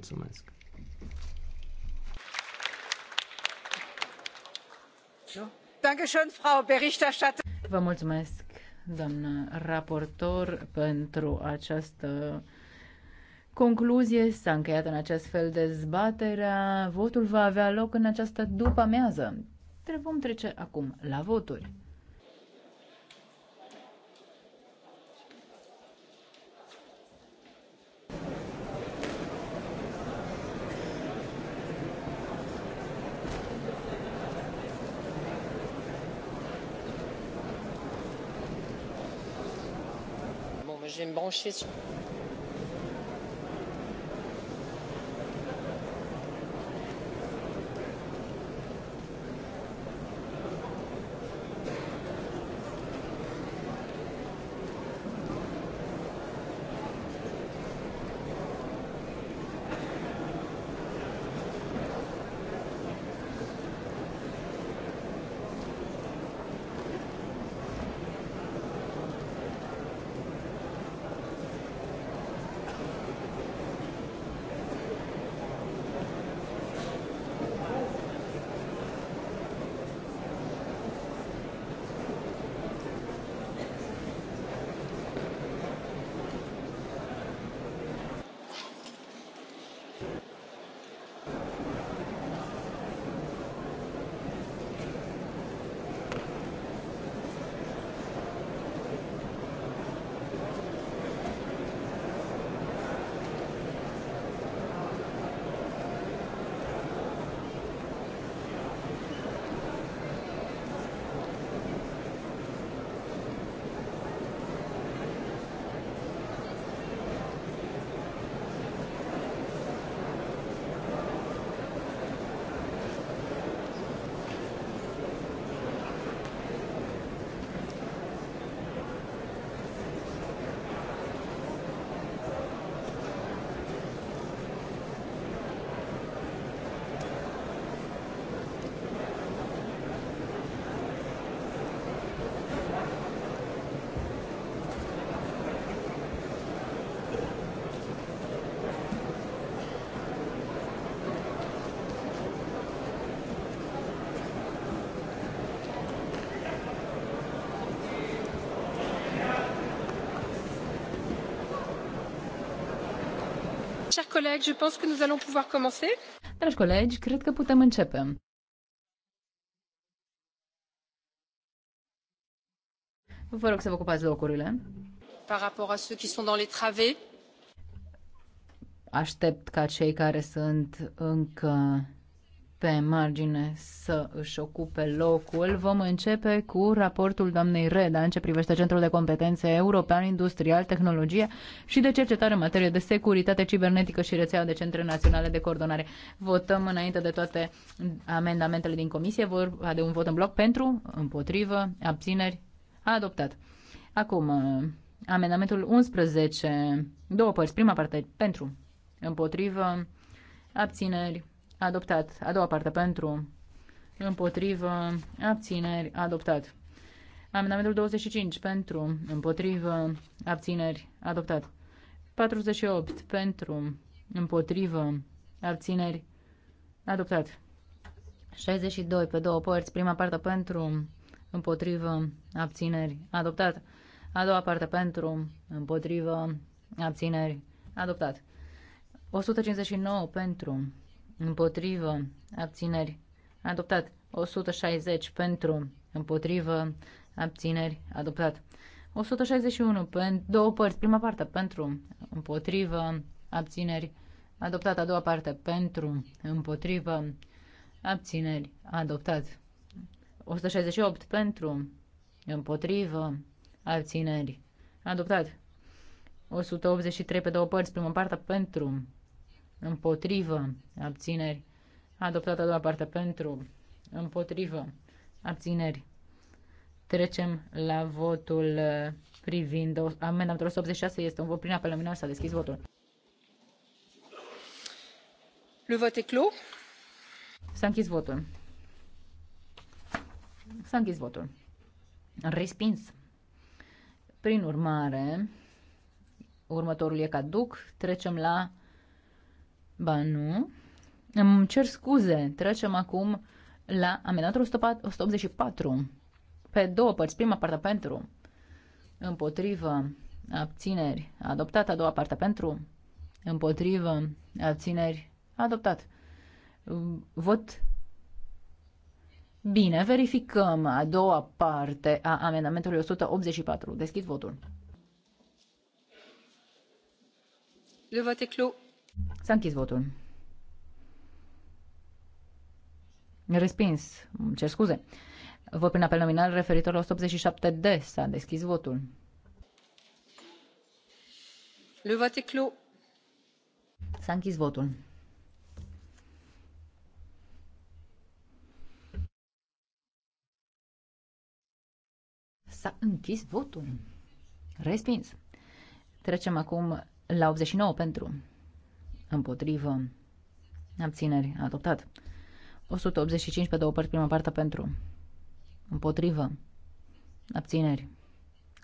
mulțumesc! Vă mulțumesc, doamnă raportor, pentru această concluzie. S-a încheiat în acest fel dezbaterea. Votul va avea loc în această după-amiază. Vom trece acum la voturi. branchés chers collègues, je pense que nous allons pouvoir commencer. Dragi colegi, cred că putem începe. Vă rog să vă ocupați locurile. Par rapport à ceux qui sont dans les travées. Aștept ca cei care sunt încă pe margine să își ocupe locul. Vom începe cu raportul doamnei Reda în ce privește Centrul de Competențe European Industrial, Tehnologie și de Cercetare în materie de securitate cibernetică și rețeaua de centre naționale de coordonare. Votăm înainte de toate amendamentele din comisie, vorba de un vot în bloc pentru, împotrivă, abțineri, adoptat. Acum, amendamentul 11, două părți, prima parte pentru, împotrivă, abțineri, adoptat. A doua parte pentru, împotrivă, abțineri, adoptat. Amendamentul 25 pentru, împotrivă, abțineri, adoptat. 48 pentru, împotrivă, abțineri, adoptat. 62 pe două părți, prima parte pentru, împotrivă, abțineri, adoptat. A doua parte pentru, împotrivă, abțineri, adoptat. 159 pentru, împotrivă, abțineri, adoptat. 160 pentru, împotrivă, abțineri, adoptat. 161 pentru două părți, prima parte pentru, împotrivă, abțineri, adoptat. A doua parte pentru, împotrivă, abțineri, adoptat. 168 pentru, împotrivă, abțineri, adoptat. 183 pe două părți, prima parte pentru, împotrivă, abțineri, adoptată a doua parte pentru, împotrivă, abțineri. Trecem la votul uh, privind amendamentul 186, este un vot prin apel nominal, s-a deschis votul. Le vote est clos. S-a închis votul. S-a închis votul. Respins. Prin urmare, următorul e caduc, trecem la Ba nu. Îmi cer scuze. Trecem acum la amenatorul 184. Pe două părți. Prima parte pentru. Împotrivă. Abțineri. Adoptat. A doua parte pentru. Împotrivă. Abțineri. Adoptat. Vot. Bine, verificăm a doua parte a amendamentului 184. Deschid votul. Le vote clos. S-a închis votul. Respins. Cer scuze. Vot prin apel nominal referitor la 187D. S-a deschis votul. Le e clos. S-a închis votul. S-a închis votul. Respins. Trecem acum la 89 pentru împotrivă, abțineri, adoptat. 185 pe două părți, prima parte pentru, împotrivă, abțineri,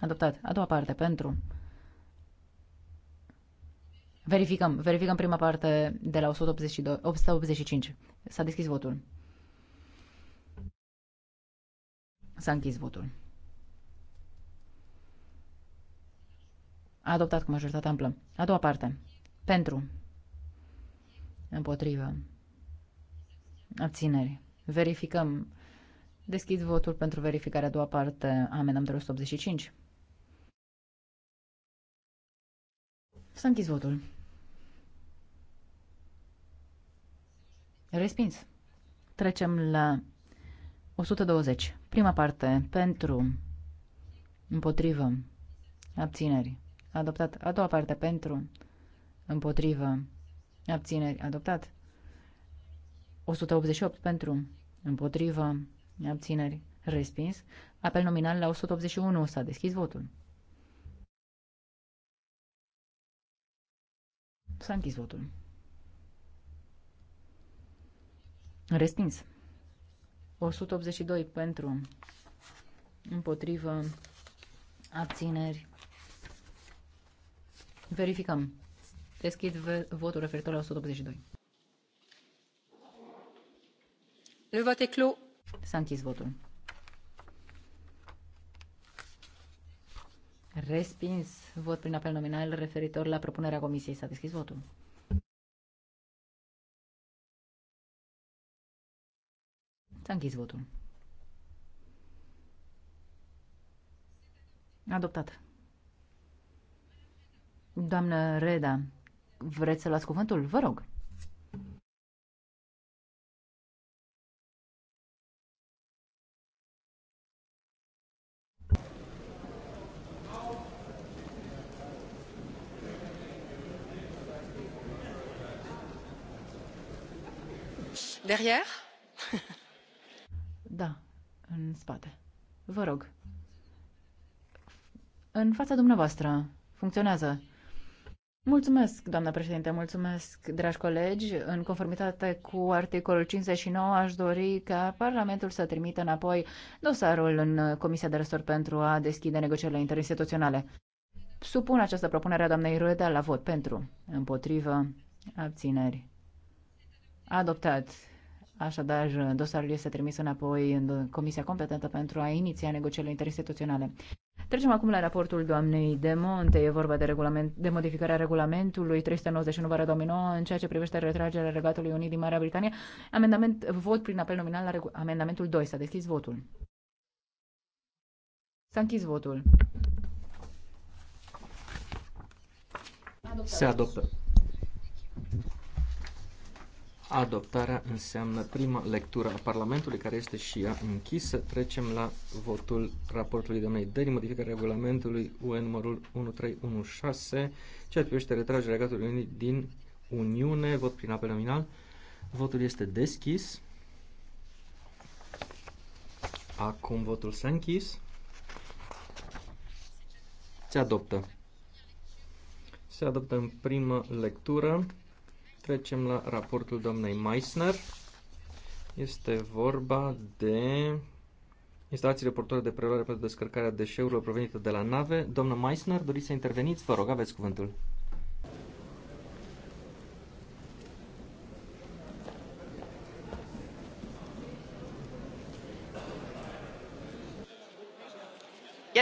adoptat. A doua parte pentru, verificăm, verificăm prima parte de la 182, 185. S-a deschis votul. S-a închis votul. A adoptat cu majoritatea amplă. A doua parte. Pentru. Împotrivă. Abțineri. Verificăm. Deschid votul pentru verificarea a doua parte a amendamentului 185. S-a închis votul. Respins. Trecem la 120. Prima parte pentru, împotrivă, abțineri. Adoptat. A doua parte pentru, împotrivă, abțineri, adoptat. 188 pentru, împotrivă, abțineri, respins. Apel nominal la 181 s-a deschis votul. S-a închis votul. Respins. 182 pentru, împotrivă, abțineri. Verificăm. Deschid votul referitor la 182. Le vote est clos. S-a închis votul. Respins vot prin apel nominal referitor la propunerea comisiei. S-a deschis votul. S-a închis votul. Adoptat. Doamnă Reda, Vreți să luați cuvântul? Vă rog. Derrière? da, în spate. Vă rog. În fața dumneavoastră. Funcționează. Mulțumesc, doamnă președinte, mulțumesc, dragi colegi. În conformitate cu articolul 59, aș dori ca Parlamentul să trimită înapoi dosarul în Comisia de Resort pentru a deschide negocierile interinstituționale. Supun această propunere a doamnei Rueda la vot pentru, împotrivă, abțineri. Adoptat. Așadar, dosarul este trimis înapoi în Comisia competentă pentru a iniția negocierile interinstituționale. Trecem acum la raportul doamnei de Monte. E vorba de, regulament, de modificarea regulamentului 391-2009 în ceea ce privește retragerea Regatului Unit din Marea Britanie. Amendament, vot prin apel nominal la regu- amendamentul 2. S-a deschis votul. S-a închis votul. Se adoptă. Adoptarea înseamnă prima lectură a Parlamentului, care este și ea închisă. Trecem la votul raportului de domnului Deli, modificarea regulamentului UE numărul 1316, ceea ce privește retragerea Regatului Unii din Uniune, vot prin apel nominal. Votul este deschis. Acum votul s-a închis. Se adoptă. Se adoptă în primă lectură. Trecem la raportul doamnei Meissner. Este vorba de instalații reportoare de preluare pentru descărcarea deșeurilor provenite de la nave. Doamna Meissner, doriți să interveniți? Vă rog, aveți cuvântul.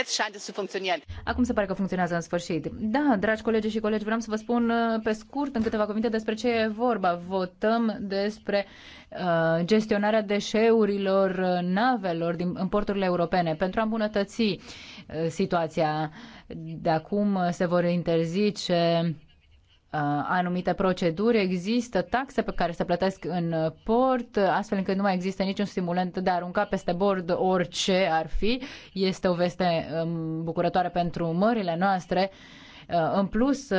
Jetzt scheint es zu funktionieren. Acum se pare că funcționează în sfârșit. Da, dragi colegi și colegi, vreau să vă spun uh, pe scurt în câteva cuvinte despre ce e vorba. Votăm despre uh, gestionarea deșeurilor uh, navelor din, în porturile europene pentru a îmbunătăți situația. De acum se vor interzice Uh, anumite proceduri, există taxe pe care se plătesc în uh, port, astfel încât nu mai există niciun stimulant, de a arunca peste bord orice ar fi. Este o veste um, bucurătoare pentru mările noastre. Uh, în plus,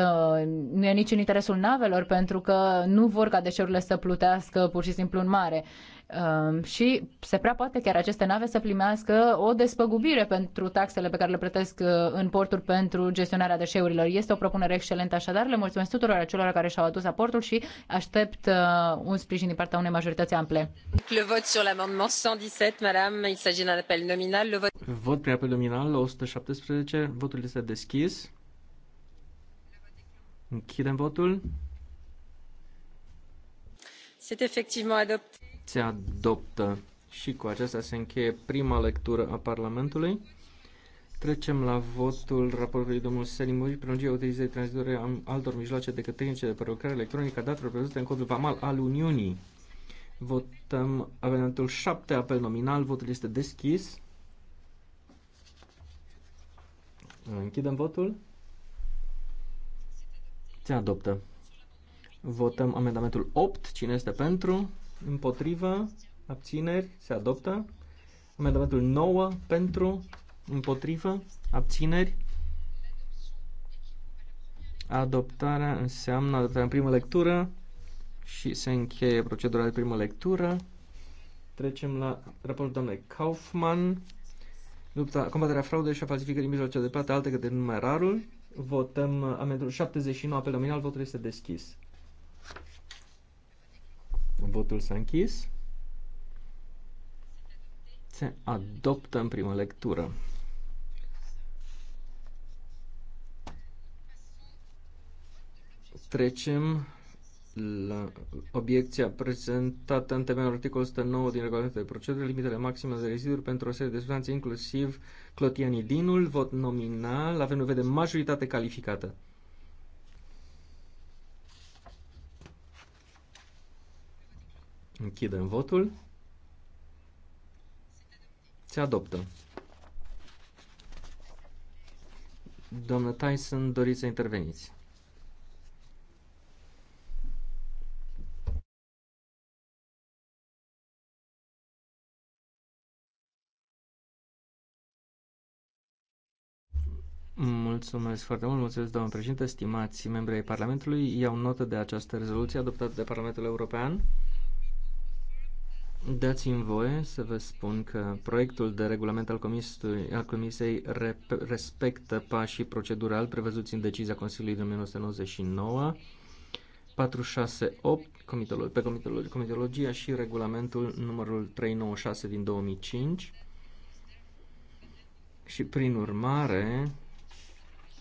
nu e nici în interesul navelor pentru că nu vor ca deșeurile să plutească pur și simplu în mare. Um, și se prea poate chiar aceste nave să primească o despăgubire pentru taxele pe care le plătesc uh, în porturi pentru gestionarea deșeurilor. Este o propunere excelentă așadar. Le mulțumesc tuturor acelor care și-au adus aportul și aștept uh, un sprijin din partea unei majorități ample. Le vot sur l'amendement 117, madame, il s'agit d'un appel nominal. Le vot... Vot prin apel nominal 117, votul este deschis. Închidem votul. C'est effectivement adopté se adoptă. Și cu aceasta se încheie prima lectură a Parlamentului. Trecem la votul raportului domnului Selim Muri, prelungirea utilizării tranzitorii altor mijloace decât tehnice de prelucrare electronică a datelor prevăzute în codul VAMAL al Uniunii. Votăm avenantul 7, apel nominal, votul este deschis. Închidem votul. Se adoptă. Votăm amendamentul 8, cine este pentru? împotrivă, abțineri, se adoptă. Amendamentul 9 pentru, împotrivă, abțineri. Adoptarea înseamnă adoptarea în primă lectură și se încheie procedura de primă lectură. Trecem la raportul doamnei Kaufmann. Lupta, combaterea fraudei și a falsificării mijloace de plată alte către numerarul. Votăm amendul 79 pe nominal, votul este deschis. Votul s-a închis. Se adoptă în primă lectură. Trecem la obiecția prezentată în temeiul articolul 109 din regulamentul de procedură, limitele maxime de reziduri pentru o serie de substanțe, inclusiv clotianidinul, vot nominal, avem în vedere majoritate calificată. Închidem votul. Se adoptă. Doamnă Tyson, doriți să interveniți. Mulțumesc foarte mult, mulțumesc doamnă președinte, stimați membri ai Parlamentului. Iau notă de această rezoluție adoptată de Parlamentul European. Dați-mi voie să vă spun că proiectul de regulament al, al Comisiei respectă pașii procedural prevăzuți în decizia Consiliului din 1999, 468 comitolo- pe comitolo- comitologia și regulamentul numărul 396 din 2005 și prin urmare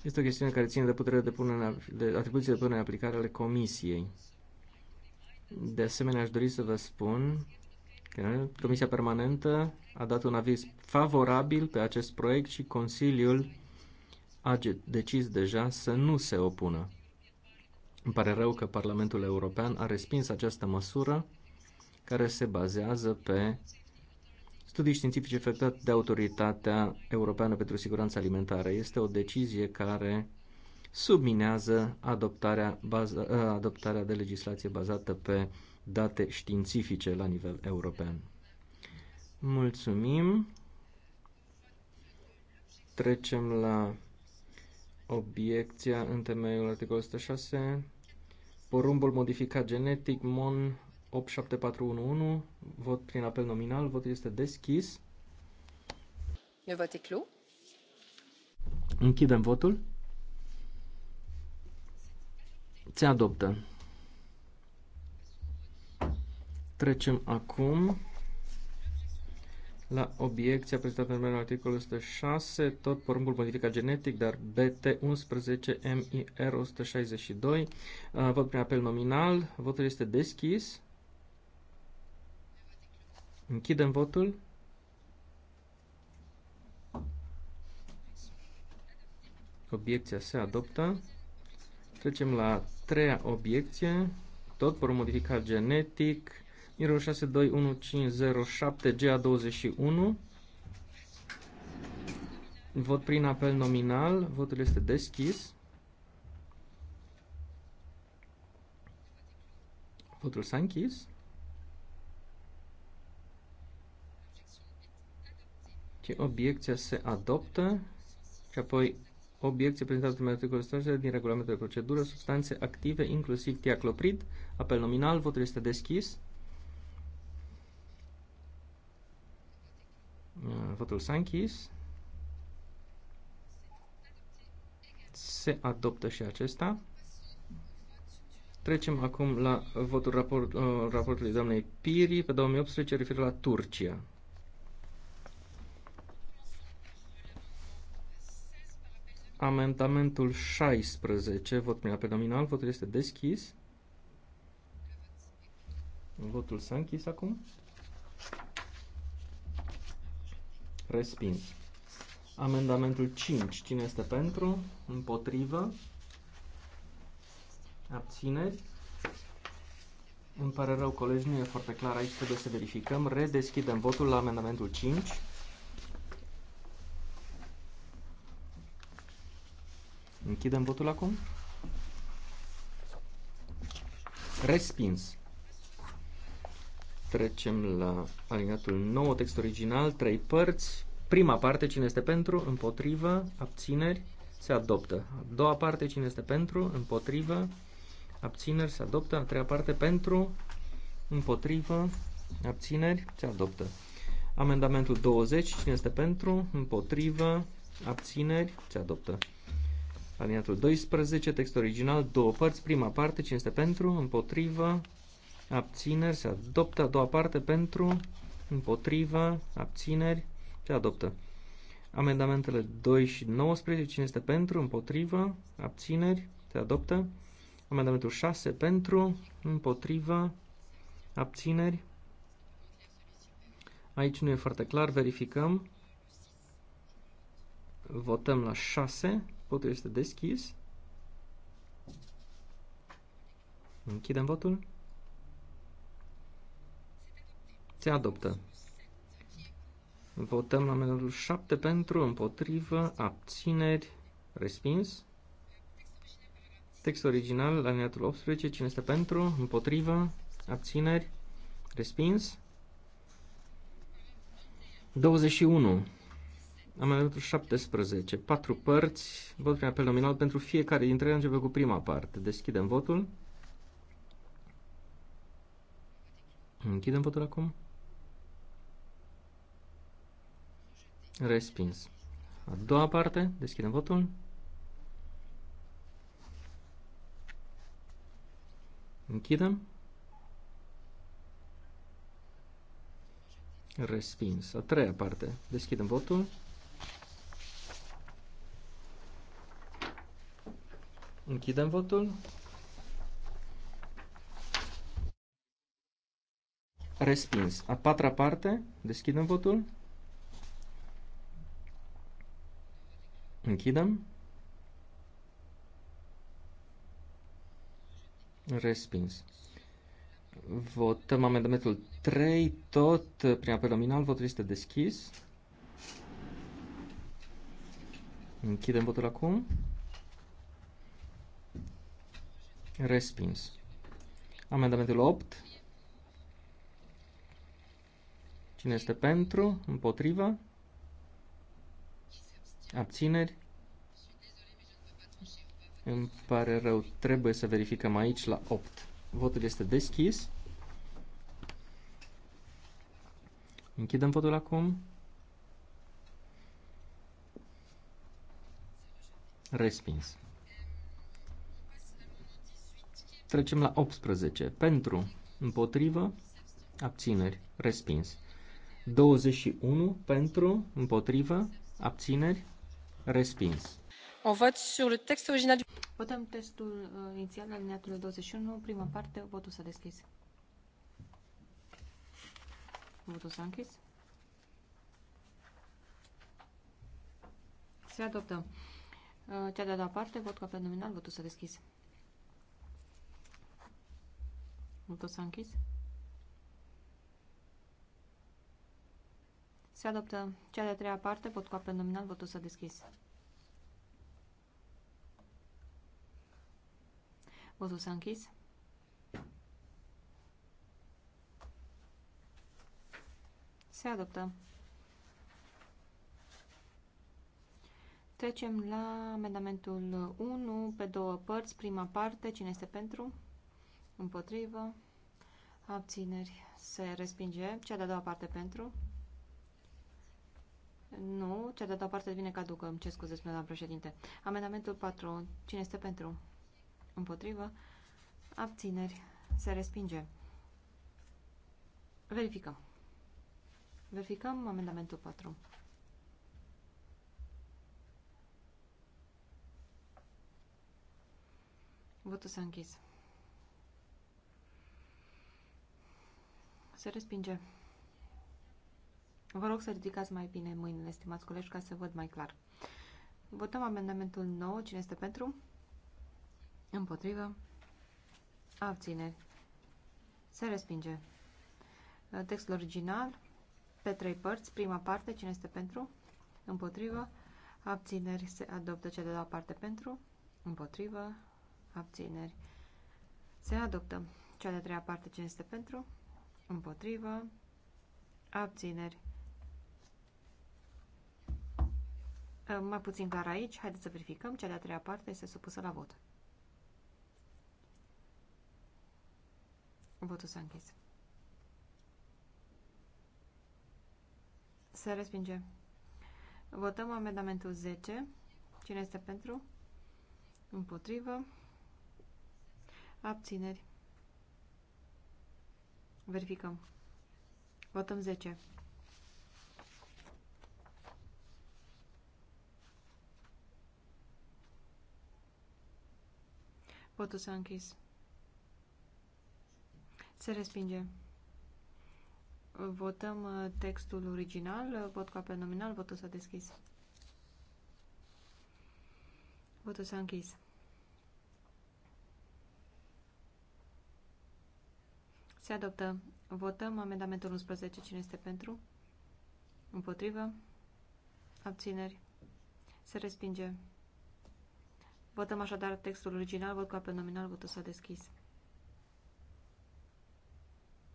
este o chestiune care ține de puterea de, punere, de atribuții de punere în aplicare ale Comisiei. De asemenea, aș dori să vă spun Comisia Permanentă a dat un aviz favorabil pe acest proiect și Consiliul a decis deja să nu se opună. Îmi pare rău că Parlamentul European a respins această măsură care se bazează pe studii științifice efectuate de Autoritatea Europeană pentru Siguranță Alimentară. Este o decizie care subminează adoptarea, baza, adoptarea de legislație bazată pe date științifice la nivel european. Mulțumim. Trecem la obiecția în temeiul articolul 106. Porumbul modificat genetic MON 87411, vot prin apel nominal, votul este deschis. Le vote clou. Închidem votul. Se adoptă. Trecem acum la obiecția prezentată în numele articolul 106, tot porumbul modificat genetic, dar BT11MIR162. Uh, vot prin apel nominal. Votul este deschis. Închidem votul. Obiecția se adoptă. Trecem la treia obiecție, tot porumb modificat genetic, Euro 621507 GA21. Vot prin apel nominal. Votul este deschis. Votul s-a închis. Și obiecția se adoptă. Și apoi obiecție prezentată prin articolul 100 din regulamentul de procedură, substanțe active, inclusiv tiacloprid. Apel nominal, votul este deschis. Votul s-a închis. Se adoptă și acesta. Trecem acum la votul raport, uh, raportului doamnei Piri pe 2018 referă la Turcia. Amendamentul 16, vot prin apel nominal, votul este deschis. Votul s-a închis acum. Respins. Amendamentul 5. Cine este pentru? Împotrivă? Abțineri? Îmi pare rău, colegi, nu e foarte clar aici, trebuie să verificăm. Redeschidem votul la amendamentul 5. Închidem votul acum. Respins. Trecem la alineatul nou text original, trei părți. Prima parte, cine este pentru, împotrivă, abțineri, se adoptă. A doua parte, cine este pentru, împotrivă, abțineri, se adoptă. A treia parte, pentru, împotrivă, abțineri, se adoptă. Amendamentul 20, cine este pentru, împotrivă, abțineri, se adoptă. Aliniatul 12, text original, două părți, prima parte, cine este pentru, împotrivă, abțineri, se adoptă. A doua parte pentru, împotriva, abțineri, se adoptă. Amendamentele 2 și 19, cine este pentru, împotriva, abțineri, se adoptă. Amendamentul 6 pentru, împotriva, abțineri. Aici nu e foarte clar, verificăm. Votăm la 6, votul este deschis. Închidem votul. Se adoptă. Votăm la amendamentul 7 pentru, împotrivă, abțineri, respins. Text original, la alineatul 18, cine este pentru, împotrivă, abțineri, respins. 21. Amendamentul 17. Patru părți. Vot prin apel nominal pentru fiecare dintre ele. Începe cu prima parte. Deschidem votul. Închidem votul acum. Respins. A doua parte, deschidem votul. Închidem. Respins. A treia parte, deschidem votul. Închidem votul. Respins. A patra parte, deschidem votul. Închidem. Respins. Votăm amendamentul 3, tot prin apel nominal, votul este deschis. Închidem votul acum. Respins. Amendamentul 8. Cine este pentru? Împotriva? Abțineri? Îmi pare rău, trebuie să verificăm aici la 8. Votul este deschis. Închidem votul acum. Respins. Trecem la 18. Pentru, împotrivă, abțineri, respins. 21 pentru, împotrivă, abțineri, Respins. O vot sur textul original. Votăm textul uh, inițial al liniatului 21, prima parte, votul s-a deschis. Votul s-a închis. Se adoptă. Uh, cea de-a doua parte, vot ca apel nominal, votul s-a deschis. Votul s-a închis. Se adoptă cea de-a treia parte, vot cu apel nominal, votul s-a deschis. Votul s-a închis. Se adoptă. Trecem la amendamentul 1 pe două părți. Prima parte, cine este pentru? Împotrivă. Abțineri. Se respinge. Cea de-a doua parte pentru. Nu, cea de-a doua parte devine caducă. Îmi cer scuze, spune doamna președinte. Amendamentul 4. Cine este pentru? Împotrivă? Abțineri. Se respinge. Verificăm. Verificăm amendamentul 4. Votul s-a închis. Se respinge. Vă rog să ridicați mai bine mâinile, stimați colegi, ca să văd mai clar. Votăm amendamentul 9. Cine este pentru? Împotrivă. Abțineri. Se respinge. Textul original, pe trei părți. Prima parte, cine este pentru? Împotrivă. Abțineri. Se adoptă cea de la parte pentru. Împotrivă. Abțineri. Se adoptă. Cea de-a treia parte, cine este pentru? Împotrivă. Abțineri. mai puțin clar aici, haideți să verificăm, cea de-a treia parte este supusă la vot. Votul s-a închis. Se respinge. Votăm amendamentul 10. Cine este pentru? Împotrivă. Abțineri. Verificăm. Votăm 10. Potul s-a închis. Se respinge. Votăm uh, textul original, uh, vot cu apel nominal, votul s-a deschis. Votul s-a închis. Se adoptă. Votăm amendamentul 11. Cine este pentru? Împotrivă? Abțineri? Se respinge. Votăm așadar textul original, vot cu apel nominal, votul s-a deschis.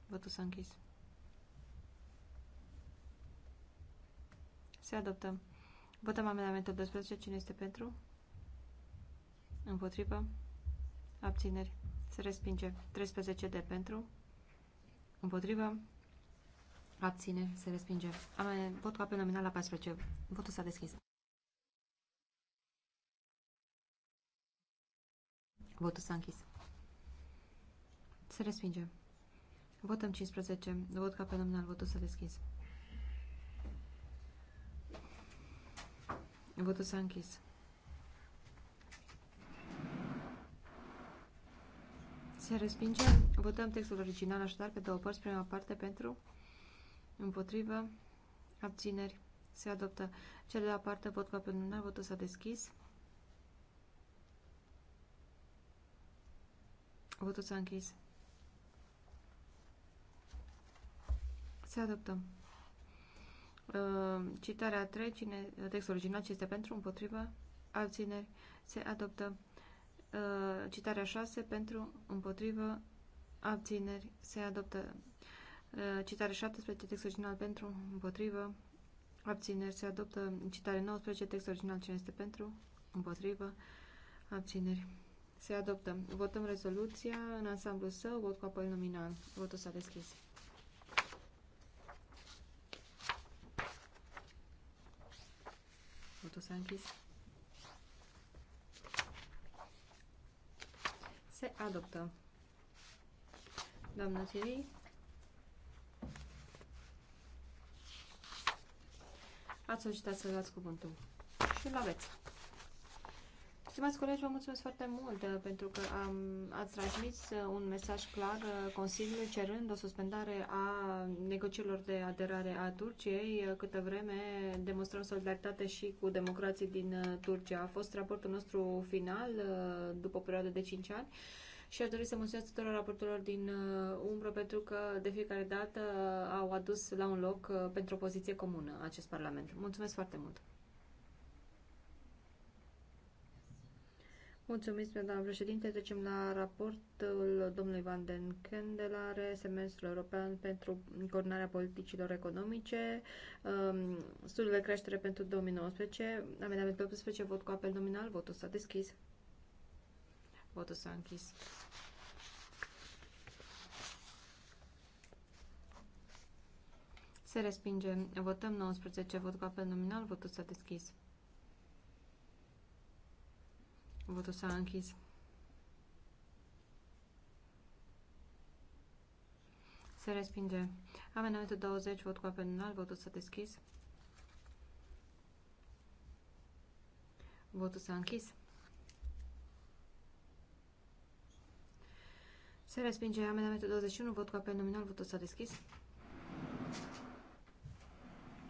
Votul s-a închis. Se adoptă. Votăm amendamentul 12. Cine este pentru? Împotrivă? Abțineri. Se respinge. 13 de pentru. Împotrivă? Abține. Se respinge. Am vot cu apel nominal la 14. Votul s-a deschis. Votul s-a închis. Se respinge. Votăm 15. Vot ca pe nominal. Votul s-a deschis. Votul s-a închis. Se respinge. Votăm textul original, așadar, pe două părți. Prima parte pentru, împotrivă, abțineri. Se adoptă. Cea de la parte, vot ca pe nominal. Votul s-a deschis. Votul s-a închis. Se adoptă. Uh, citarea 3, cine, textul original, ce este pentru, împotrivă, abțineri, se adoptă. Uh, citarea 6, pentru, împotrivă, abțineri, se adoptă. Uh, citarea 17, text original pentru, împotrivă, abțineri, se adoptă. Citarea 19, text original, cine este pentru, împotrivă, abțineri. Se adoptă. Votăm rezoluția în ansamblu său, vot cu apel nominal. Votul s-a deschis. Votul s-a închis. Se adoptă. Doamna Thierry. Ați solicitat să luați cuvântul. Și l aveți. Stimați colegi, vă mulțumesc foarte mult uh, pentru că am, ați transmis uh, un mesaj clar uh, Consiliului cerând o suspendare a negocierilor de aderare a Turciei câtă vreme demonstrăm solidaritate și cu democrații din Turcia. A fost raportul nostru final după o perioadă de 5 ani și aș dori să mulțumesc tuturor raporturilor din umbră pentru că de fiecare dată au adus la un loc pentru o poziție comună acest Parlament. Mulțumesc foarte mult! Mulțumesc, doamna președinte. Trecem la raportul domnului Van den Kendelare, semestrul european pentru coordonarea politicilor economice, um, studiul de creștere pentru 2019, amendamentul 18, vot cu apel nominal, votul s-a deschis. Votul s-a închis. Se respinge. Votăm 19, vot cu apel nominal, votul s-a deschis. Votul s-a închis. Se respinge. Amendamentul 20, vot cu apel nominal, votul s-a deschis. Votul s-a închis. Se respinge amendamentul 21, vot cu apel nominal, votul s-a deschis.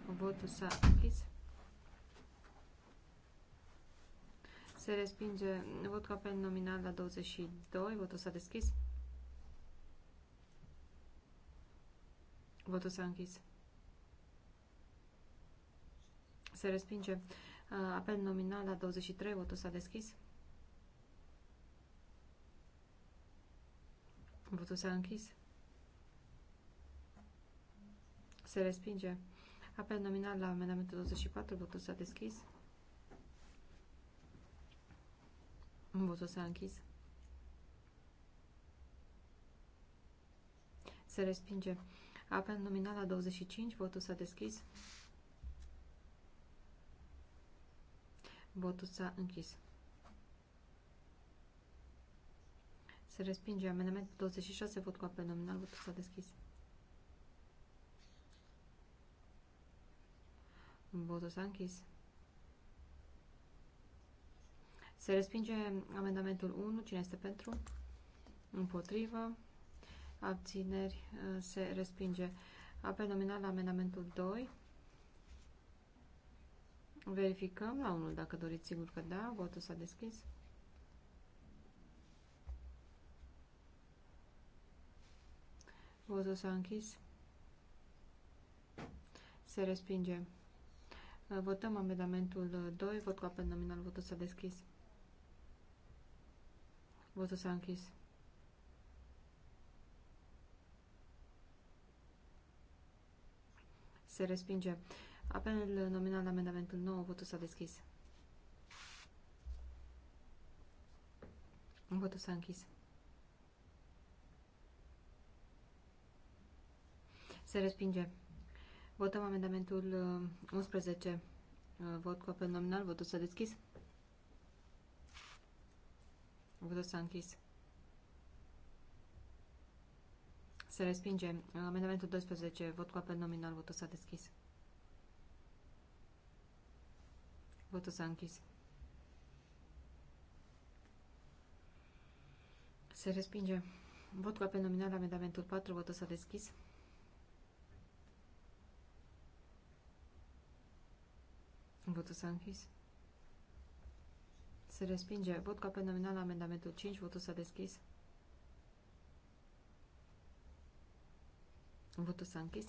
Votul s-a închis. Se respinge vot cu apel nominal la 22. Votul s-a deschis. Votul s-a închis. Se respinge apel nominal la 23. Votul s-a deschis. Votul s-a închis. Se respinge. Apel nominal la amendamentul 24. Votul s-a deschis. Votul s-a închis. Se respinge. Apel nominal la 25, votul s-a deschis. Votul s-a închis. Se respinge Amendament 26, vot cu apel nominal, votul s-a deschis. Votul s-a închis. Se respinge amendamentul 1. Cine este pentru? Împotrivă. Abțineri. Uh, se respinge. Apel nominal la amendamentul 2. Verificăm la unul dacă doriți, sigur că da. Votul s-a deschis. Votul s-a închis. Se respinge. Uh, votăm amendamentul 2. Vot cu apel nominal. Votul s-a deschis. Votul s-a închis. Se respinge. Apel nominal la amendamentul 9. Votul s-a deschis. Votul s-a închis. Se respinge. Votăm amendamentul 11. Uh, uh, vot cu apel nominal. Votul s-a deschis. Votul s-a închis. Se respinge. Amendamentul 12. Vot cu apel nominal. Votul s-a deschis. Votul s-a închis. Se respinge. Vot cu apel nominal. Amendamentul 4. Votul s-a deschis. Votul s-a închis. Se respinge. Vot ca pe nominal la amendamentul 5. Votul s-a deschis. Votul s-a închis.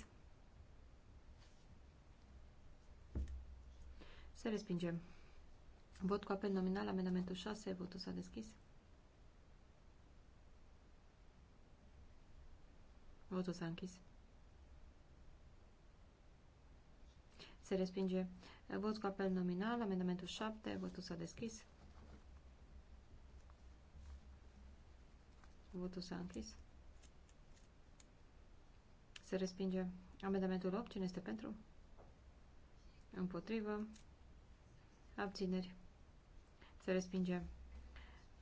Se respinge. Vot cu apel nominal, amendamentul 6, votul s-a deschis. Votul s-a închis. Se respinge. Vot cu apel nominal, amendamentul 7, votul s-a deschis. Votul s-a închis. Se respinge amendamentul 8. Cine este pentru? Împotrivă. Abțineri. Se respinge.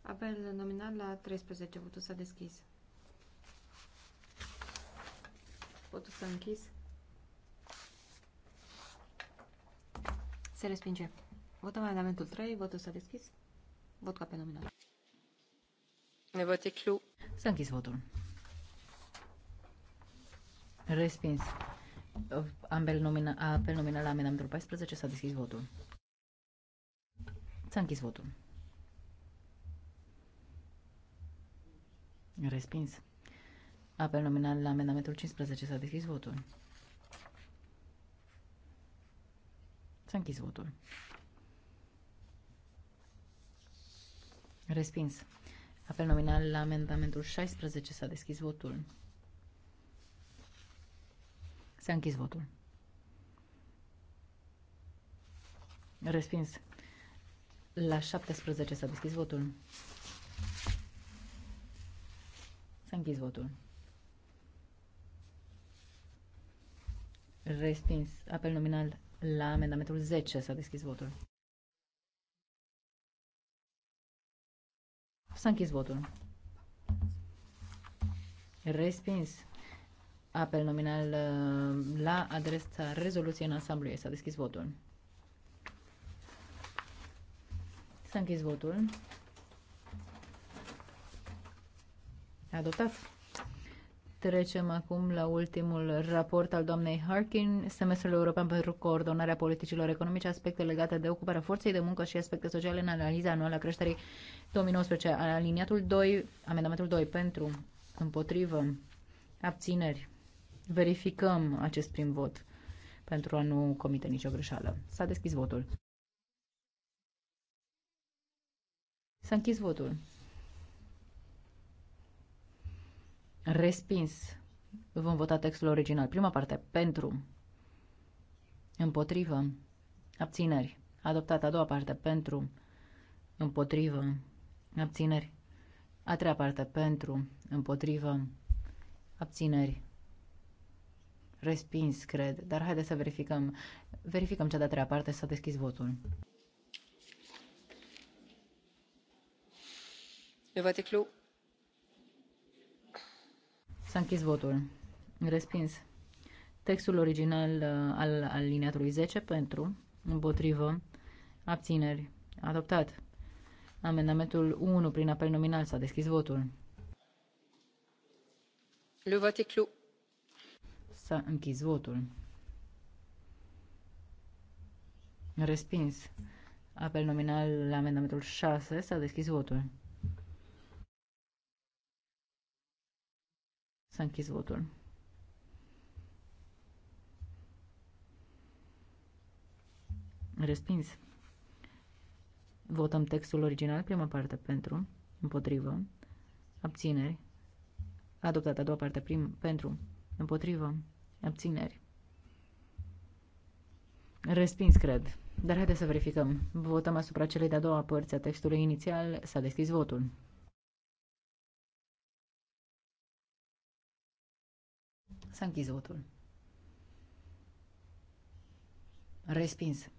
Apel nominal la 13. Votul s-a deschis. Votul s-a închis. Se respinge. Votăm amendamentul 3. Votul s-a deschis. Vot ca pe nominal. Le vot e clou. S-a închis votul. Respins. Ambel nomina, apel nominal la amendamentul 14 s-a deschis votul. S-a închis votul. Respins. Apel nominal la amendamentul 15 s-a deschis votul. S-a închis votul. Respins. Apel nominal la amendamentul 16. S-a deschis votul. S-a închis votul. Respins. La 17 s-a deschis votul. S-a închis votul. Respins. Apel nominal la amendamentul 10 s-a deschis votul. S-a închis votul. Respins. Apel nominal uh, la adresa rezoluției în ansamblu. S-a deschis votul. S-a închis votul. Adoptat. Trecem acum la ultimul raport al doamnei Harkin, semestrul european pentru coordonarea politicilor economice, aspecte legate de ocuparea forței de muncă și aspecte sociale în analiza anuală a creșterii 2019, aliniatul 2, amendamentul 2 pentru, împotrivă, abțineri. Verificăm acest prim vot pentru a nu comite nicio greșeală. S-a deschis votul. S-a închis votul. Respins. Vom vota textul original. Prima parte. Pentru. Împotrivă. Abțineri. Adoptat. A doua parte. Pentru. Împotrivă. Abțineri. A treia parte. Pentru. Împotrivă. Abțineri. Respins, cred. Dar haideți să verificăm. Verificăm cea de-a treia parte. S-a deschis votul. Le vote clos. S-a închis votul. Respins. Textul original uh, al alineatului 10 pentru, împotrivă, abțineri. Adoptat. Amendamentul 1 prin apel nominal s-a deschis votul. Le vote clos. S-a închis votul. Respins. Apel nominal la amendamentul 6 s-a deschis votul. S-a închis votul. Respins. Votăm textul original, prima parte pentru, împotrivă, abțineri. Adoptată a doua parte prim, pentru, împotrivă, abțineri. Respins, cred. Dar haideți să verificăm. Votăm asupra celei de-a doua părți a textului inițial. S-a deschis votul. S-a închis votul. Respins.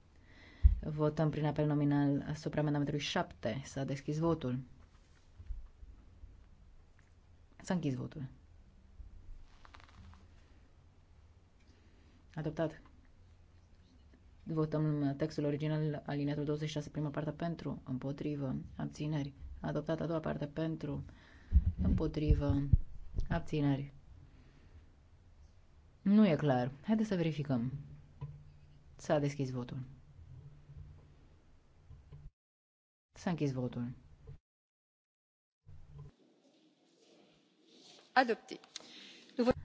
Votăm prin apel nominal asupra amendamentului 7. S-a deschis votul. S-a închis votul. Adoptat. Votăm textul original alineatul 26, prima parte pentru, împotrivă, abțineri. Adoptat a doua parte pentru, împotrivă, abțineri. Nu e clar. Haideți să verificăm. S-a deschis votul. S-a închis votul. Adoptat.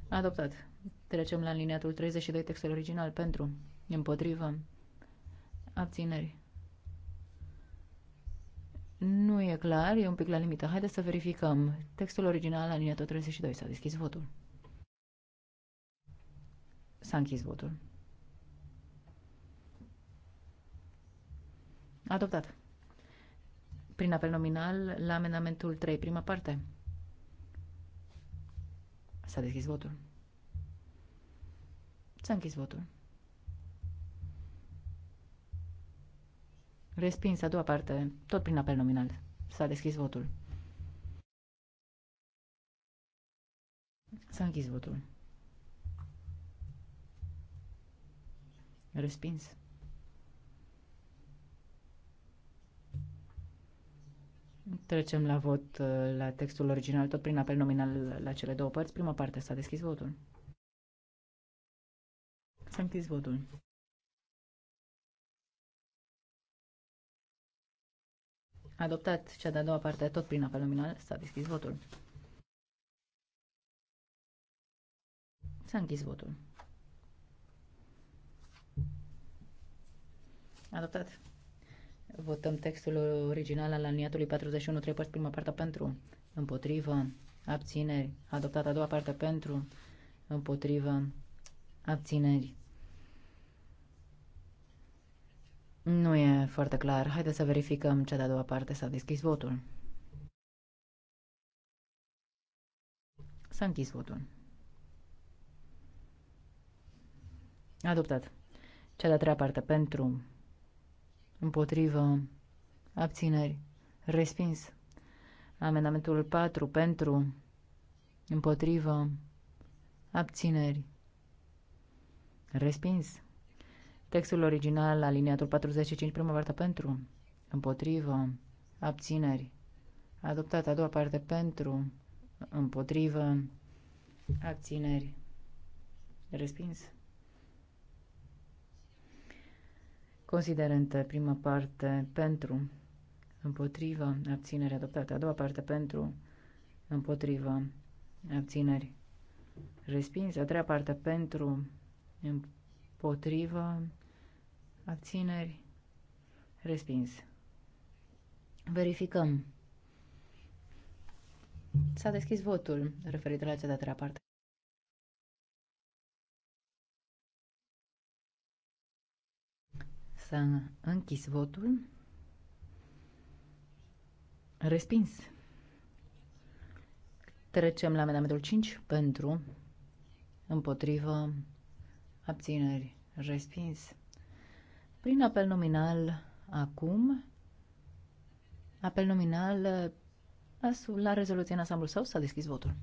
Adoptat. Trecem la liniatul 32, textul original. Pentru. Împotrivă. Abțineri. Nu e clar, e un pic la limită. Haideți să verificăm. Textul original, aliniatul 32, s-a deschis votul. S-a închis votul. Adoptat. Prin apel nominal la amendamentul 3, prima parte. S-a deschis votul. S-a închis votul. Respins a doua parte, tot prin apel nominal. S-a deschis votul. S-a închis votul. Respins. Trecem la vot uh, la textul original, tot prin apel nominal la cele două părți. Prima parte, s-a deschis votul. S-a închis votul. Adoptat cea de-a doua parte, tot prin apel nominal, s-a deschis votul. S-a închis votul. Adoptat. Votăm textul original al aliniatului 41, trei părți, prima parte pentru, împotrivă, abțineri. Adoptat a doua parte pentru, împotrivă, abțineri. Nu e foarte clar. Haideți să verificăm cea de-a doua parte. S-a deschis votul. S-a închis votul. Adoptat. Cea de-a treia parte pentru împotrivă, abțineri, respins. Amendamentul 4 pentru, împotrivă, abțineri, respins. Textul original, aliniatul 45, prima parte pentru, împotrivă, abțineri, adoptat a doua parte pentru, împotrivă, abțineri, respins. Considerente, prima parte, pentru, împotriva abțineri adoptate. A doua parte, pentru, împotriva abțineri respinse. A treia parte, pentru, împotriva abțineri respinse. Verificăm. S-a deschis votul referitor la cea de-a treia parte. S-a închis votul. Respins. Trecem la amendamentul 5 pentru, împotrivă, abțineri, respins. Prin apel nominal acum, apel nominal la rezoluție în asamblu sau s-a deschis votul.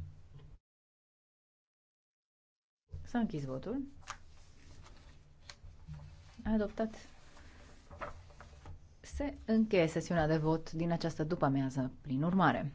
S-a închis votul. A adoptat se încheie sesiunea de vot din această după-amiază, prin urmare.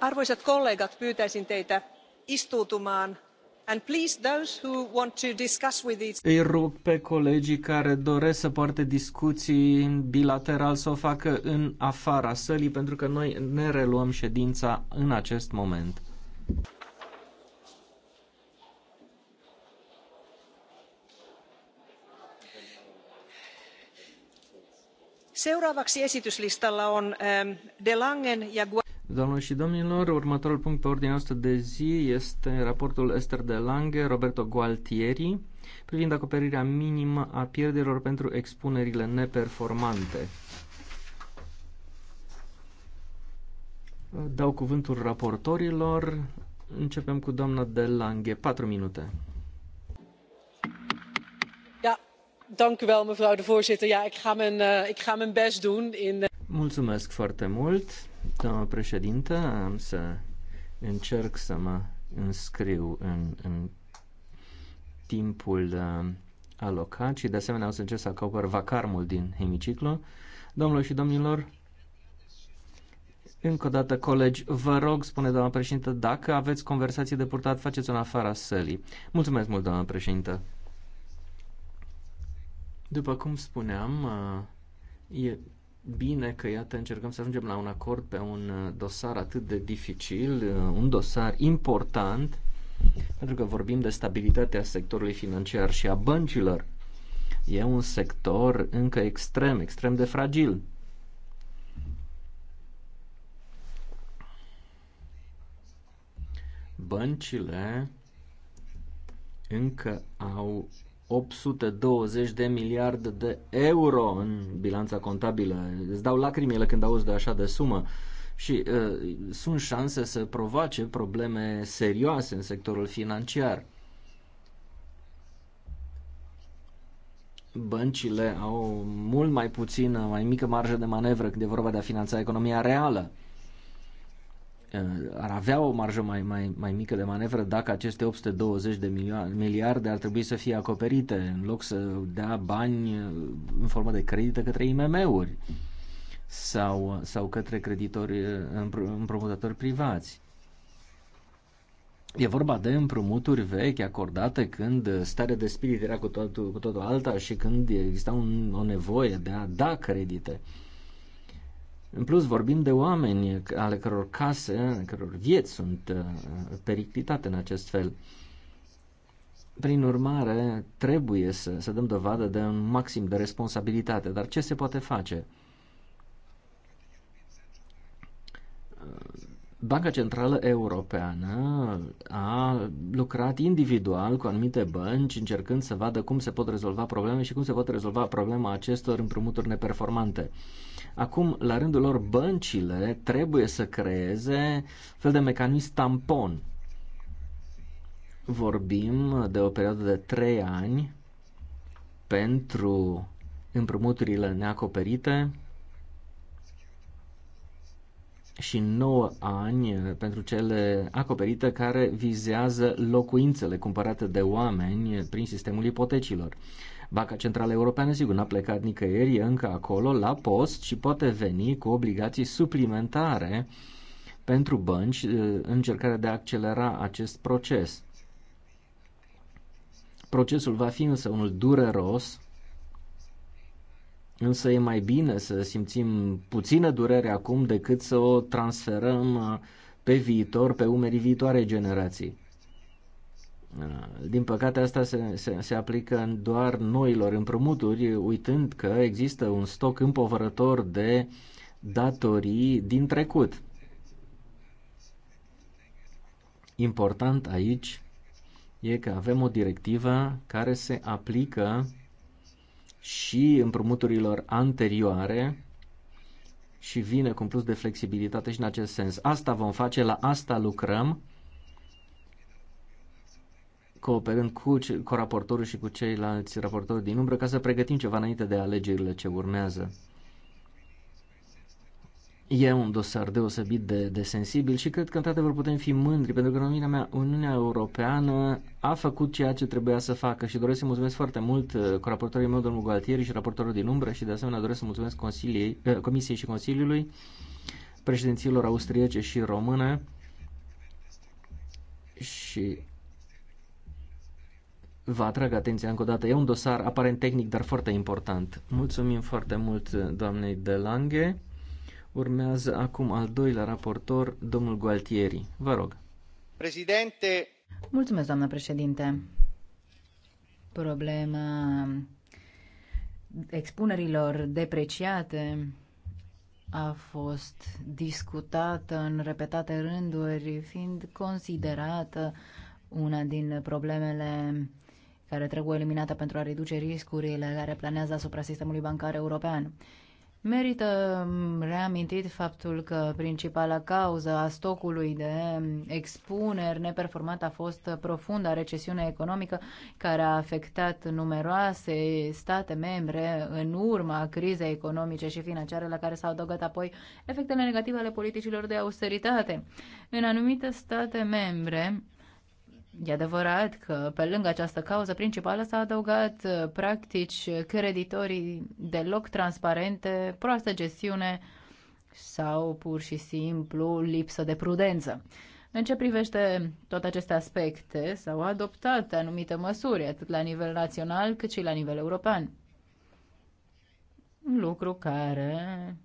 arvoisat kollegat pyytäisin teitä istuutumaan. Îi rog pe colegii care doresc să poarte discuții bilateral să o facă în afara sălii, pentru că noi ne reluăm ședința în acest moment. Seuraavaksi esityslistalla on ehm, De Langen ja Doamnelor și domnilor, următorul punct pe ordinea noastră de zi este raportul Esther de Lange, Roberto Gualtieri, privind acoperirea minimă a pierderilor pentru expunerile neperformante. Dau cuvântul raportorilor. Începem cu doamna de Lange. Patru minute. Da, dank u wel, mevrouw de voorzitter. Ja, ik ga mijn, uh, ik ga mijn best doen in... Eh, Mulțumesc foarte mult. Doamnă președintă, am să încerc să mă înscriu în, în timpul uh, alocat și de asemenea o să încerc să acopăr vacarmul din hemiciclu. Domnilor și domnilor, încă o dată, colegi, vă rog, spune doamna președintă, dacă aveți conversații de purtat, faceți-o în afara sălii. Mulțumesc mult, doamna președintă. După cum spuneam, uh, e bine că, iată, încercăm să ajungem la un acord pe un uh, dosar atât de dificil, uh, un dosar important, pentru că vorbim de stabilitatea sectorului financiar și a băncilor. E un sector încă extrem, extrem de fragil. Băncile încă au 820 de miliarde de euro în bilanța contabilă. Îți dau lacrimile când auzi de așa de sumă. Și uh, sunt șanse să provoace probleme serioase în sectorul financiar. Băncile au mult mai puțină, mai mică marjă de manevră când e vorba de a finanța economia reală. Uh, ar avea o marjă mai, mai, mai mică de manevră dacă aceste 820 de miliarde ar trebui să fie acoperite în loc să dea bani uh, în formă de credite către IMM-uri sau, sau către creditori uh, împrumutători privați. E vorba de împrumuturi vechi acordate când starea de spirit era cu totul, cu totul alta și când exista un, o nevoie de a da credite. Uh, în plus, vorbim de oameni ale căror case, ale căror vieți sunt uh, periclitate în acest fel. Prin urmare, trebuie să, să dăm dovadă de un maxim de responsabilitate. Dar ce se poate face? Banca Centrală Europeană a lucrat individual cu anumite bănci, încercând să vadă cum se pot rezolva probleme și cum se pot rezolva problema acestor împrumuturi neperformante. Acum, la rândul lor, băncile trebuie să creeze fel de mecanism tampon. Vorbim de o perioadă de 3 ani pentru împrumuturile neacoperite, și 9 ani eh, pentru cele acoperite care vizează locuințele cumpărate de oameni eh, prin sistemul ipotecilor. Banca Centrală Europeană, sigur, n-a plecat nicăieri, e încă acolo, la post și poate veni cu obligații suplimentare pentru bănci în eh, încercarea de a accelera acest proces. Procesul va fi însă unul dureros Însă e mai bine să simțim puțină durere acum decât să o transferăm uh, pe viitor, pe umerii viitoare generații. Uh, din păcate, asta se, se, se aplică doar noilor împrumuturi, uitând că există un stoc împovărător de datorii din trecut. Important aici e că avem o directivă care se aplică și împrumuturilor anterioare și vine cu un plus de flexibilitate și în acest sens. Asta vom face, la asta lucrăm, cooperând cu, cu raportorul și cu ceilalți raportori din umbră ca să pregătim ceva înainte de alegerile ce urmează. E un dosar deosebit de, de sensibil și cred că, într-adevăr, putem fi mândri, pentru că, în opinia mea, Uniunea Europeană a făcut ceea ce trebuia să facă și doresc să mulțumesc foarte mult uh, cu raportorul meu, domnul Gualtieri, și raportorul din umbră și, de asemenea, doresc să mulțumesc Consiliei, uh, Comisiei și Consiliului, președinților austriece și române și vă atrag atenția încă o dată. E un dosar aparent tehnic, dar foarte important. Mulțumim foarte mult uh, doamnei de Lange. Urmează acum al doilea raportor, domnul Gualtieri. Vă rog. Președinte. Mulțumesc, doamnă președinte. Problema expunerilor depreciate a fost discutată în repetate rânduri, fiind considerată una din problemele care trebuie eliminată pentru a reduce riscurile care planează asupra sistemului bancar european. Merită mm, reamintit faptul că principala cauză a stocului de mm, expuneri neperformat a fost profunda recesiune economică care a afectat numeroase state membre în urma crizei economice și financiare la care s-au adăugat apoi efectele negative ale politicilor de austeritate. În anumite state membre, E adevărat că pe lângă această cauză principală s-a adăugat uh, practici uh, creditorii deloc transparente, proastă gestiune sau pur și simplu lipsă de prudență. În ce privește toate aceste aspecte, s-au adoptat anumite măsuri, atât la nivel național cât și la nivel european. Lucru care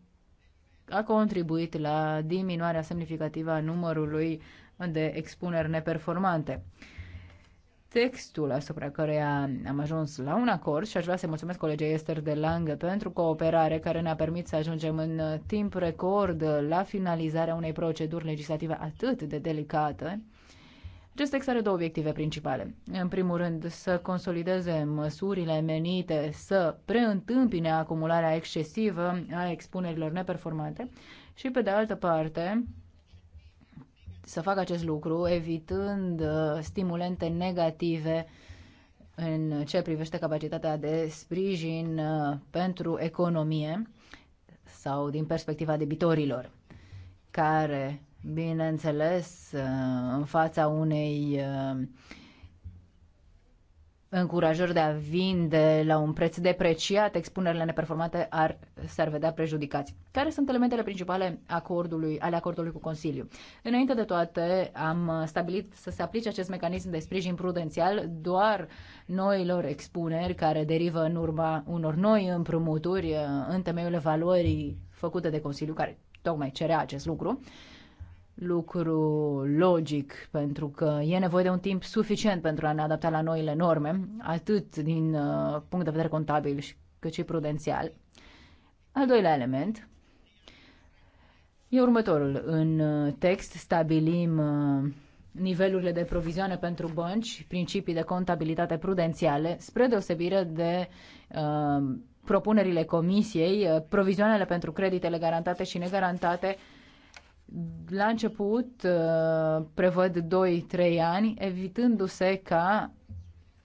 a contribuit la diminuarea semnificativă a numărului de expuneri neperformante. Textul asupra căreia am ajuns la un acord și aș vrea să mulțumesc colegii Esther de Lange pentru cooperare care ne-a permis să ajungem în timp record la finalizarea unei proceduri legislative atât de delicate. Acest text are două obiective principale. În primul rând, să consolideze măsurile menite să preîntâmpine acumularea excesivă a expunerilor neperformante și, pe de altă parte, să facă acest lucru, evitând uh, stimulente negative în ce privește capacitatea de sprijin uh, pentru economie sau din perspectiva debitorilor, care, bineînțeles, uh, în fața unei încurajări de a vinde la un preț depreciat expunerile neperformate ar, s-ar vedea prejudicați. Care sunt elementele principale acordului, ale acordului cu Consiliu? Înainte de toate, am stabilit să se aplice acest mecanism de sprijin prudențial doar noilor expuneri care derivă în urma unor noi împrumuturi uh, în temeiul valorii făcute de Consiliu, care tocmai cerea acest lucru. Uh, lucru logic, pentru că e nevoie de un timp suficient pentru a ne adapta la noile norme, atât din uh, punct de vedere contabil cât și prudențial. Al doilea element e următorul. În uh, text stabilim uh, nivelurile de provizioane pentru bănci, principii de contabilitate prudențiale, spre deosebire de uh, propunerile comisiei, provizioanele pentru creditele garantate și negarantate uh, la început uh, prevăd 2-3 ani, evitându-se ca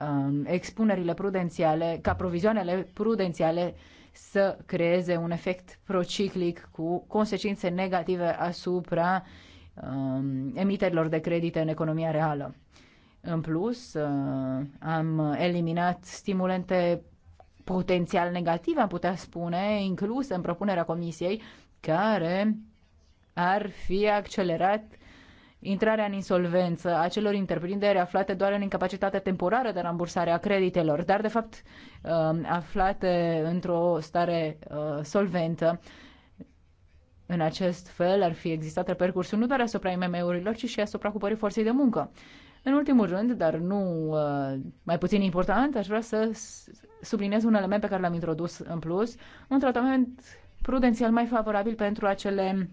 um, expunerile prudențiale, ca provizioanele prudențiale să creeze un efect prociclic cu consecințe negative asupra um, emiterilor de credite în economia reală. În plus, uh, am eliminat stimulente potențial negative, am putea spune, incluse în propunerea Comisiei, care ar fi accelerat intrarea în insolvență a celor întreprinderi aflate doar în incapacitate temporară de rambursare a creditelor, dar de fapt um, aflate într-o stare uh, solventă. În acest fel ar fi existat repercursuri nu doar asupra IMM-urilor, ci și asupra cupării forței de muncă. În ultimul rând, dar nu uh, mai puțin important, aș vrea să subliniez un element pe care l-am introdus în plus, un tratament prudențial mai favorabil pentru acele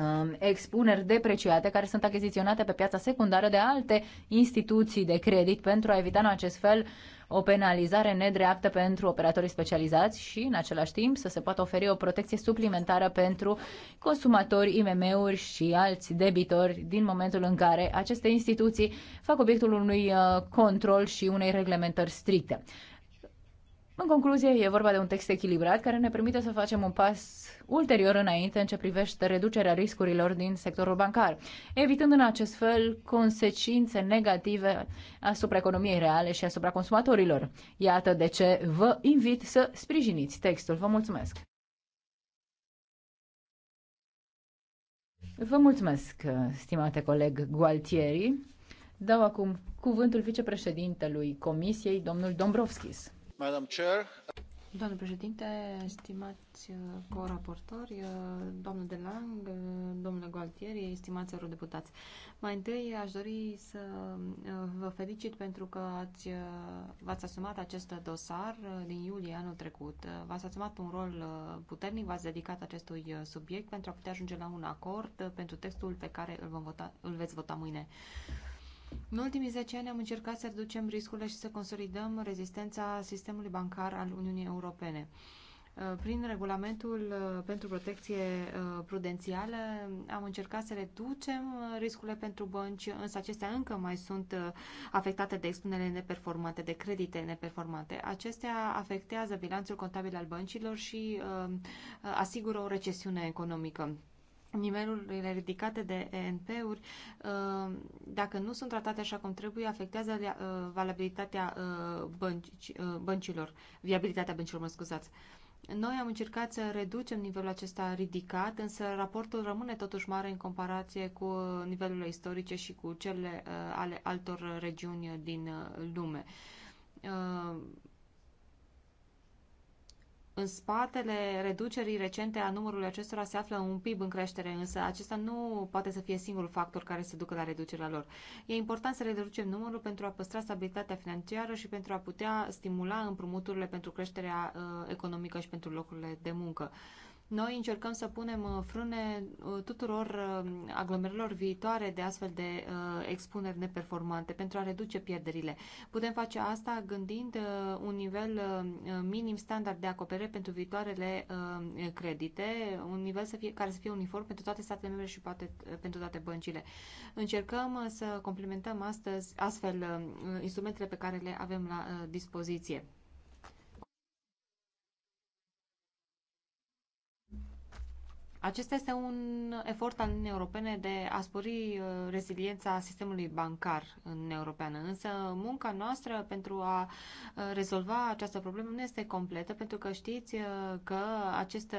Um, expuneri depreciate care sunt achiziționate pe piața secundară de alte instituții de credit pentru a evita în acest fel o penalizare nedreaptă pentru operatorii specializați și, în același timp, să se poată oferi o protecție suplimentară pentru consumatori, IMM-uri și alți debitori din momentul în care aceste instituții fac obiectul unui uh, control și unei reglementări stricte. În concluzie, e vorba de un text echilibrat care ne permite să facem un pas ulterior înainte în ce privește reducerea riscurilor din sectorul bancar, evitând în acest fel consecințe negative asupra economiei reale și asupra consumatorilor. Iată de ce vă invit să sprijiniți textul. Vă mulțumesc! Vă mulțumesc, stimate coleg Gualtieri. Dau acum cuvântul vicepreședintelui Comisiei, domnul Dombrovskis. Domnule președinte, stimați uh, coraportori, uh, domnul de Lang, uh, domnule Gualtieri, stimați eurodeputați. Mai întâi aș dori să vă felicit pentru că ați, v-ați asumat acest dosar din iulie anul trecut. V-ați asumat un rol puternic, v-ați dedicat acestui subiect pentru a putea ajunge la un acord pentru textul pe care îl, vom vota, îl veți vota mâine. În ultimii 10 ani am încercat să reducem riscurile și să consolidăm rezistența sistemului bancar al Uniunii Europene. Uh, prin regulamentul uh, pentru protecție uh, prudențială am încercat să reducem riscurile pentru bănci, însă acestea încă mai sunt afectate de expunere neperformante, de credite neperformante. Acestea afectează bilanțul contabil al băncilor și asigură o recesiune economică nivelurile ridicate de ENP-uri, uh, dacă nu sunt tratate așa cum trebuie, afectează uh, valabilitatea uh, bănci, băncilor, viabilitatea băncilor, mă scuzați. Noi am încercat să reducem nivelul acesta ridicat, însă raportul rămâne totuși mare în comparație cu nivelurile istorice și cu cele ale altor regiuni din lume în spatele reducerii recente a numărului acestora se află un PIB în creștere, însă acesta nu poate să fie singurul factor care să ducă la reducerea lor. E important să reducem numărul pentru a păstra stabilitatea financiară și pentru a putea stimula împrumuturile pentru creșterea uh, economică și pentru locurile de muncă. Uh, noi încercăm să punem uh, frâne uh, tuturor uh, aglomerelor viitoare de astfel de expuneri neperformante pentru a reduce pierderile. Putem face asta gândind un nivel minim standard de acoperire pentru viitoarele credite, un nivel să fie, care să fie uniform pentru toate statele membre și poate pentru toate băncile. Încercăm să complementăm astăzi astfel instrumentele pe care le avem la dispoziție. Acesta este un efort al Uniunii Europene de a spori uh, reziliența sistemului bancar în Uniunea Europeană, însă munca noastră pentru a uh, rezolva această problemă nu este completă, pentru că știți uh, că acest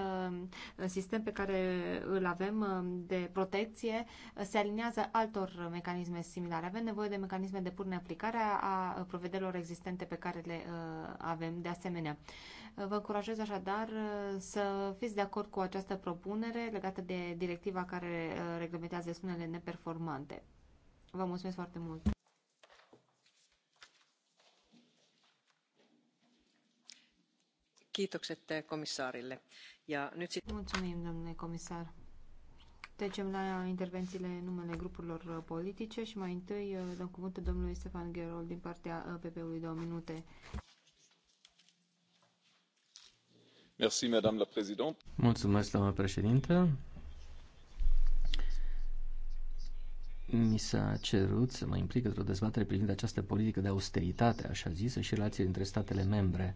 sistem pe care îl avem de protecție se aliniază altor mecanisme similare. Avem nevoie de mecanisme de pur aplicare a provederilor existente pe care le avem de asemenea. Vă încurajez așadar uh, să fiți de acord cu această propunere legată de directiva care uh, reglementează sunele neperformante. Vă mulțumesc foarte mult! Kiitokset komissaarille. Ja nyt sit... Mulțumim, domnule comisar. Trecem la intervențiile în numele grupurilor uh, politice și mai întâi dăm cuvântul domnului Stefan Gherol din partea PP-ului două minute. doamnă președintă. Mi s-a cerut să mă implic într-o dezbatere privind această politică de austeritate, așa zisă, și relațiile dintre statele membre.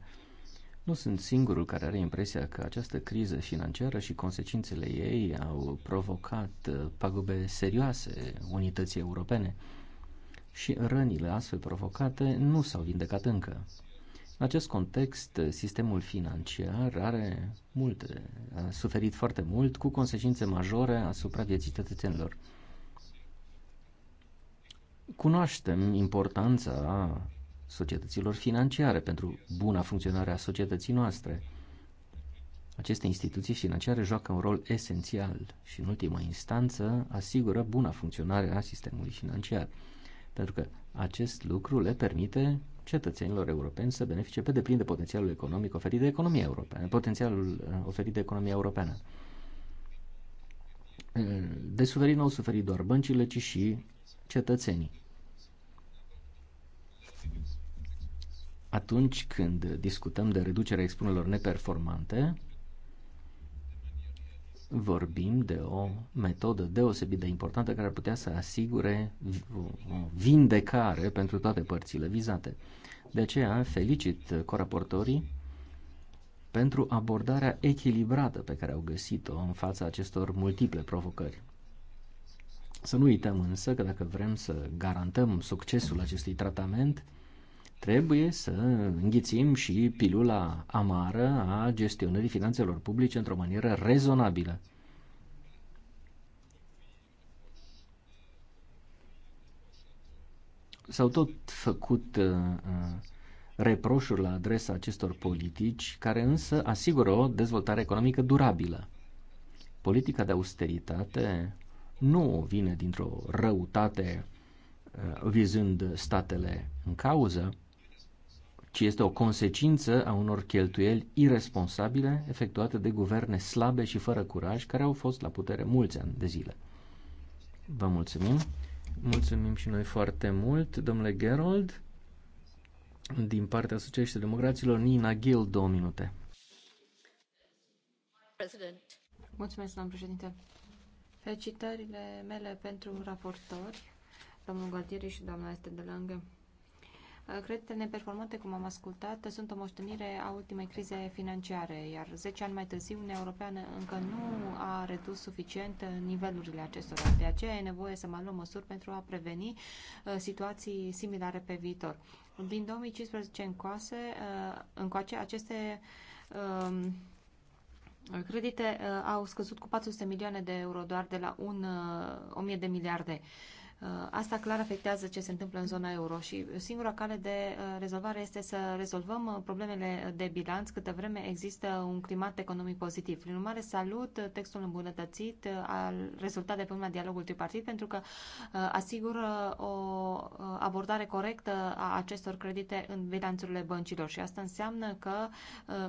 Nu sunt singurul care are impresia că această criză financiară și consecințele ei au provocat uh, pagube serioase unității europene și rănile astfel provocate nu s-au vindecat încă. În acest context, sistemul financiar are multe, a suferit foarte mult cu consecințe majore asupra vieții cetățenilor. Cunoaștem importanța societăților financiare pentru buna funcționare a societății noastre. Aceste instituții financiare joacă un rol esențial și, în ultima instanță, asigură buna funcționare a sistemului financiar, pentru că acest lucru le permite cetățenilor europeni să beneficie pe deplin de potențialul economic oferit de economia europeană, potențialul uh, oferit de economia europeană. Uh, de suferit nu au suferit doar băncile, ci și cetățenii. Atunci când discutăm de reducerea expunerilor neperformante, vorbim de o metodă deosebit de importantă care ar putea să asigure o vindecare pentru toate părțile vizate. De aceea felicit coraportorii pentru abordarea echilibrată pe care au găsit-o în fața acestor multiple provocări. Să nu uităm însă că dacă vrem să garantăm succesul acestui tratament, Trebuie să înghițim și pilula amară a gestionării finanțelor publice într-o manieră rezonabilă. S-au tot făcut uh, uh reproșuri la adresa acestor politici, care însă asigură o dezvoltare economică durabilă. Politica de austeritate nu vine dintr-o răutate uh, vizând statele în cauză, ci este o consecință a unor cheltuieli irresponsabile efectuate de guverne slabe și fără curaj care au fost la putere mulți ani de zile. Vă mulțumim. Mulțumim și noi foarte mult, domnule Gerold. Din partea Asociației Democraților, Nina Gill, două minute. President. Mulțumesc, doamnă președinte. Felicitările mele pentru raportori, domnul Gadiri și doamna Este de Lange. Creditele neperformante, cum am ascultat, sunt o moștenire a ultimei crize financiare, iar 10 ani mai târziu Uniunea Europeană încă nu a redus suficient uh, nivelurile acestora. De aceea e nevoie să mai luăm măsuri pentru a preveni uh, situații similare pe viitor. Din 2015 încoase, uh, încoace, aceste um, credite au scăzut cu 400 milioane de euro doar de la un, 1000 de miliarde. Uh, asta clar afectează ce se întâmplă în zona euro și singura cale de uh, rezolvare este să rezolvăm uh, problemele de bilanț câtă vreme există un climat economic pozitiv. Prin urmare, salut textul îmbunătățit al rezultat de până la dialogul tripartit pentru că asigură o abordare corectă a acestor credite în bilanțurile băncilor și asta înseamnă că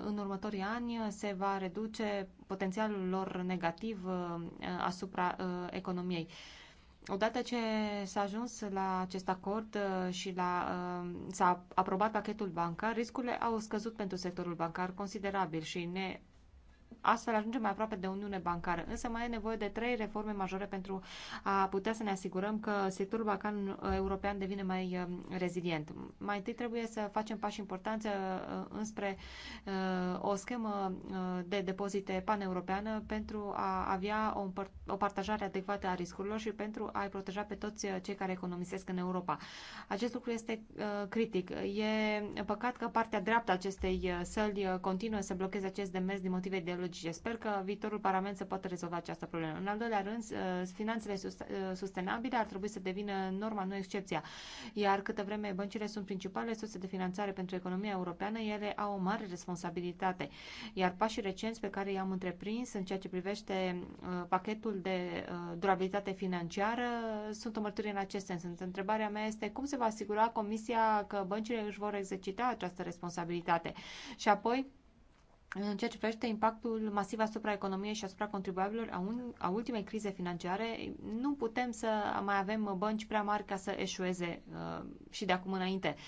în următorii ani se va reduce potențialul lor negativ asupra economiei. Odată ce s-a ajuns la acest acord uh, și la, uh, s-a aprobat pachetul bancar, riscurile au scăzut pentru sectorul bancar considerabil și ne Astfel ajungem mai aproape de Uniune Bancară. Însă mai e nevoie de trei reforme majore pentru a putea să ne asigurăm că sectorul bancar european devine mai um, rezilient. Mai întâi trebuie să facem pași importanți uh, înspre uh, o schemă uh, de depozite paneuropeană pentru a avea o, o partajare adecvată a riscurilor și pentru a-i proteja pe toți cei care economisesc în Europa. Acest lucru este critic. E păcat că partea dreaptă acestei săli continuă să blocheze acest demers din motive de ecologice. Sper că viitorul Parlament să poată rezolva această problemă. În al doilea rând, uh, finanțele uh, sustenabile ar trebui să devină norma, nu excepția. Iar câtă vreme băncile sunt principalele surse de finanțare pentru economia europeană, ele au o mare responsabilitate. Iar pașii recenți pe care i-am întreprins în ceea ce privește uh, pachetul de durabilitate financiară sunt o mărturie în acest sens. Întrebarea mea este cum se va asigura Comisia că băncile își vor exercita această responsabilitate? Și apoi, în ceea ce privește impactul masiv asupra economiei și asupra contribuabililor a, un, a ultimei crize financiare, nu putem să mai avem bănci prea mari ca să eșueze uh, și de acum înainte.